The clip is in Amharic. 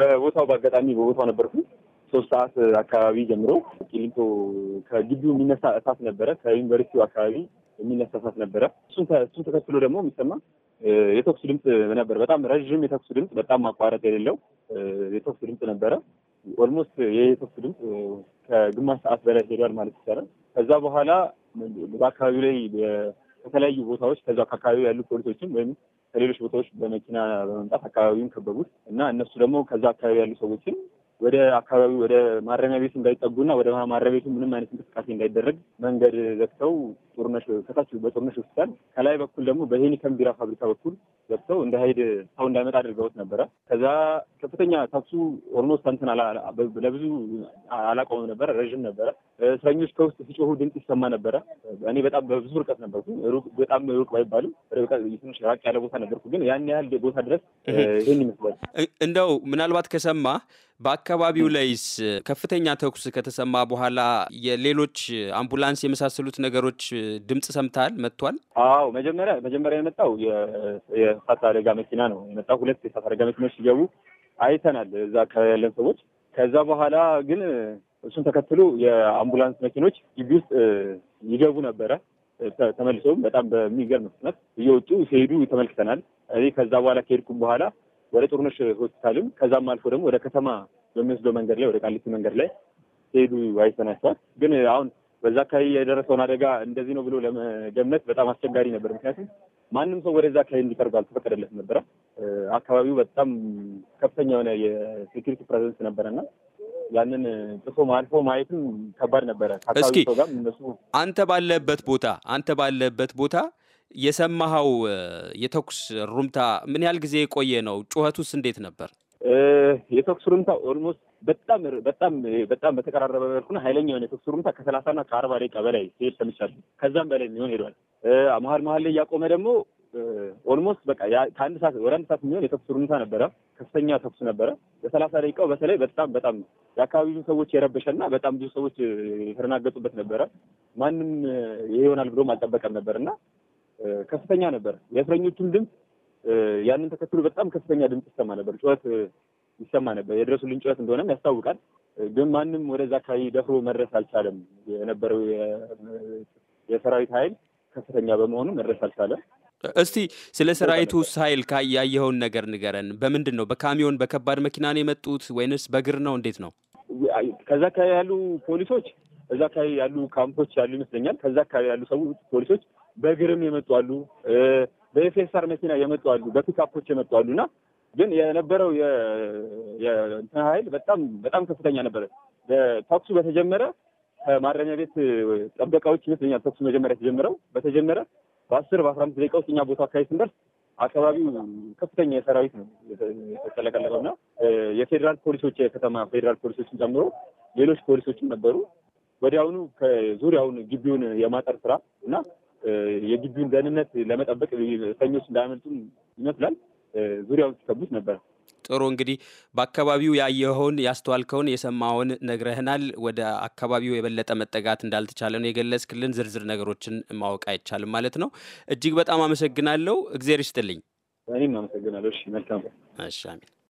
በቦታው በአጋጣሚ በቦታው ነበርኩ። ሶስት ሰዓት አካባቢ ጀምሮ ቂሊንቶ ከግቢው የሚነሳ እሳት ነበረ። ከዩኒቨርሲቲው አካባቢ የሚነሳ እሳት ነበረ። እሱን ተከትሎ ደግሞ የሚሰማ የተኩስ ድምፅ ነበር። በጣም ረዥም የተኩስ ድምፅ፣ በጣም ማቋረጥ የሌለው የተኩስ ድምፅ ነበረ። ኦልሞስት የተኩስ ድምፅ ከግማሽ ሰዓት በላይ ሄዷል ማለት ይቻላል። ከዛ በኋላ በአካባቢው ላይ ከተለያዩ ቦታዎች ከዛ ከአካባቢው ያሉ ፖሊሶችም ወይም ከሌሎች ቦታዎች በመኪና በመምጣት አካባቢውን ከበቡት እና እነሱ ደግሞ ከዛ አካባቢ ያሉ ሰዎችን ወደ አካባቢ ወደ ማረሚያ ቤቱ እንዳይጠጉና ወደ ማረሚያ ቤቱ ምንም አይነት እንቅስቃሴ እንዳይደረግ መንገድ ዘግተው ጦርነሽ ከታች በጦርነሽ ሆስፒታል ከላይ በኩል ደግሞ በሄኒከም ቢራ ፋብሪካ በኩል ገብተው እንደ ሀይድ ሰው እንዳይመጣ አድርገውት ነበረ። ከዛ ከፍተኛ ታክሱ ኦልሞስት እንትን ለብዙ አላቆመም ነበረ፣ ረዥም ነበረ። እስረኞች ከውስጥ ሲጮሁ ድምፅ ይሰማ ነበረ። እኔ በጣም በብዙ ርቀት ነበርኩ፣ በጣም ሩቅ ባይባልም ትንሽ ራቅ ያለ ቦታ ነበርኩ። ግን ያን ያህል ቦታ ድረስ ይህን ይመስላል። እንደው ምናልባት ከሰማ በአካባቢው ላይስ ከፍተኛ ተኩስ ከተሰማ በኋላ የሌሎች አምቡላንስ የመሳሰሉት ነገሮች ድምፅ ሰምተሃል? መጥቷል? አዎ መጀመሪያ መጀመሪያ የመጣው የእሳት አደጋ መኪና ነው የመጣው። ሁለት የእሳት አደጋ መኪኖች ሲገቡ አይተናል፣ እዛ ከያለን ሰዎች። ከዛ በኋላ ግን እሱን ተከትሎ የአምቡላንስ መኪኖች ግቢ ውስጥ ይገቡ ነበረ። ተመልሰው በጣም በሚገርም ፍጥነት እየወጡ ሲሄዱ ተመልክተናል። እኔ ከዛ በኋላ ከሄድኩም በኋላ ወደ ጦርነሽ ሆስፒታልም ከዛም አልፎ ደግሞ ወደ ከተማ በሚወስደው መንገድ ላይ ወደ ቃሊቲ መንገድ ላይ ሲሄዱ አይተናቸዋል። ግን አሁን በዛ አካባቢ የደረሰውን አደጋ እንደዚህ ነው ብሎ ለመገመት በጣም አስቸጋሪ ነበር። ምክንያቱም ማንም ሰው ወደዛ አካባቢ እንዲቀርብ አልተፈቀደለት ነበረ። አካባቢው በጣም ከፍተኛ የሆነ የሴኪሪቲ ፕሬዘንስ ነበረና ያንን ጥሶ ማልፎ ማየትም ከባድ ነበረ። እስኪ አንተ ባለበት ቦታ አንተ ባለበት ቦታ የሰማኸው የተኩስ ሩምታ ምን ያህል ጊዜ የቆየ ነው? ጩኸቱስ እንዴት ነበር? የተኩስ ሩምታ ኦልሞስት በጣም በጣም በጣም በተቀራረበ መልኩና ኃይለኛ የሆነ የተኩስ ሩምታ ከሰላሳና ከአርባ ደቂቃ በላይ ሲሄድ ሰምቻለሁ። ከዛም በላይ የሚሆን ሄዷል። መሀል መሀል ላይ እያቆመ ደግሞ ኦልሞስት በቃ ከአንድ ሰዓት ወደ አንድ ሰዓት የሚሆን የተኩስ ሩምታ ነበረ። ከፍተኛ ተኩስ ነበረ። በሰላሳ ደቂቃው በተለይ በጣም በጣም የአካባቢ ብዙ ሰዎች የረበሸና በጣም ብዙ ሰዎች የተደናገጡበት ነበረ። ማንም ይሄ ይሆናል ብሎም አልጠበቀም ነበር እና ከፍተኛ ነበር የእስረኞቹም ድምፅ ያንን ተከትሎ በጣም ከፍተኛ ድምፅ ይሰማ ነበር፣ ጩኸት ይሰማ ነበር። የድረሱልን ጩኸት እንደሆነም ያስታውቃል። ግን ማንም ወደዛ አካባቢ ደፍሮ መድረስ አልቻለም። የነበረው የሰራዊት ኃይል ከፍተኛ በመሆኑ መድረስ አልቻለም። እስቲ ስለ ሰራዊቱ ኃይል ያየኸውን ነገር ንገረን። በምንድን ነው? በካሚዮን በከባድ መኪና ነው የመጡት ወይንስ በግር ነው? እንዴት ነው? ከዛ አካባቢ ያሉ ፖሊሶች እዛ አካባቢ ያሉ ካምፖች ያሉ ይመስለኛል። ከዛ አካባቢ ያሉ ሰዎች ፖሊሶች በግርም የመጡ አሉ። በኤፌሳር መኪና የመጡ አሉ፣ በፒክአፖች የመጡ አሉ እና ግን የነበረው የእንትን ኃይል በጣም በጣም ከፍተኛ ነበረ። ተኩሱ በተጀመረ ከማረሚያ ቤት ጠበቃዎች ይመስለኛል ተኩሱ መጀመሪያ የተጀመረው በተጀመረ በአስር በአስራ አምስት ደቂቃ ውስጥ እኛ ቦታ አካባቢ ስንደርስ አካባቢው ከፍተኛ የሰራዊት ነው የተጠለቀለቀው እና የፌዴራል ፖሊሶች የከተማ ፌዴራል ፖሊሶችን ጨምሮ ሌሎች ፖሊሶችም ነበሩ። ወዲያውኑ ከዙሪያውን ግቢውን የማጠር ስራ እና የግቢውን ደህንነት ለመጠበቅ ሰኞች እንዳያመልጡም ይመስላል ዙሪያውን ሲከቡት ነበር። ጥሩ እንግዲህ በአካባቢው ያየኸውን ያስተዋልከውን የሰማውን ነግረህናል። ወደ አካባቢው የበለጠ መጠጋት እንዳልተቻለ ነው የገለጽክልን። ዝርዝር ነገሮችን ማወቅ አይቻልም ማለት ነው። እጅግ በጣም አመሰግናለሁ። እግዜር ይስጥልኝ። እኔም አመሰግናለሁ። መልካም። እሺ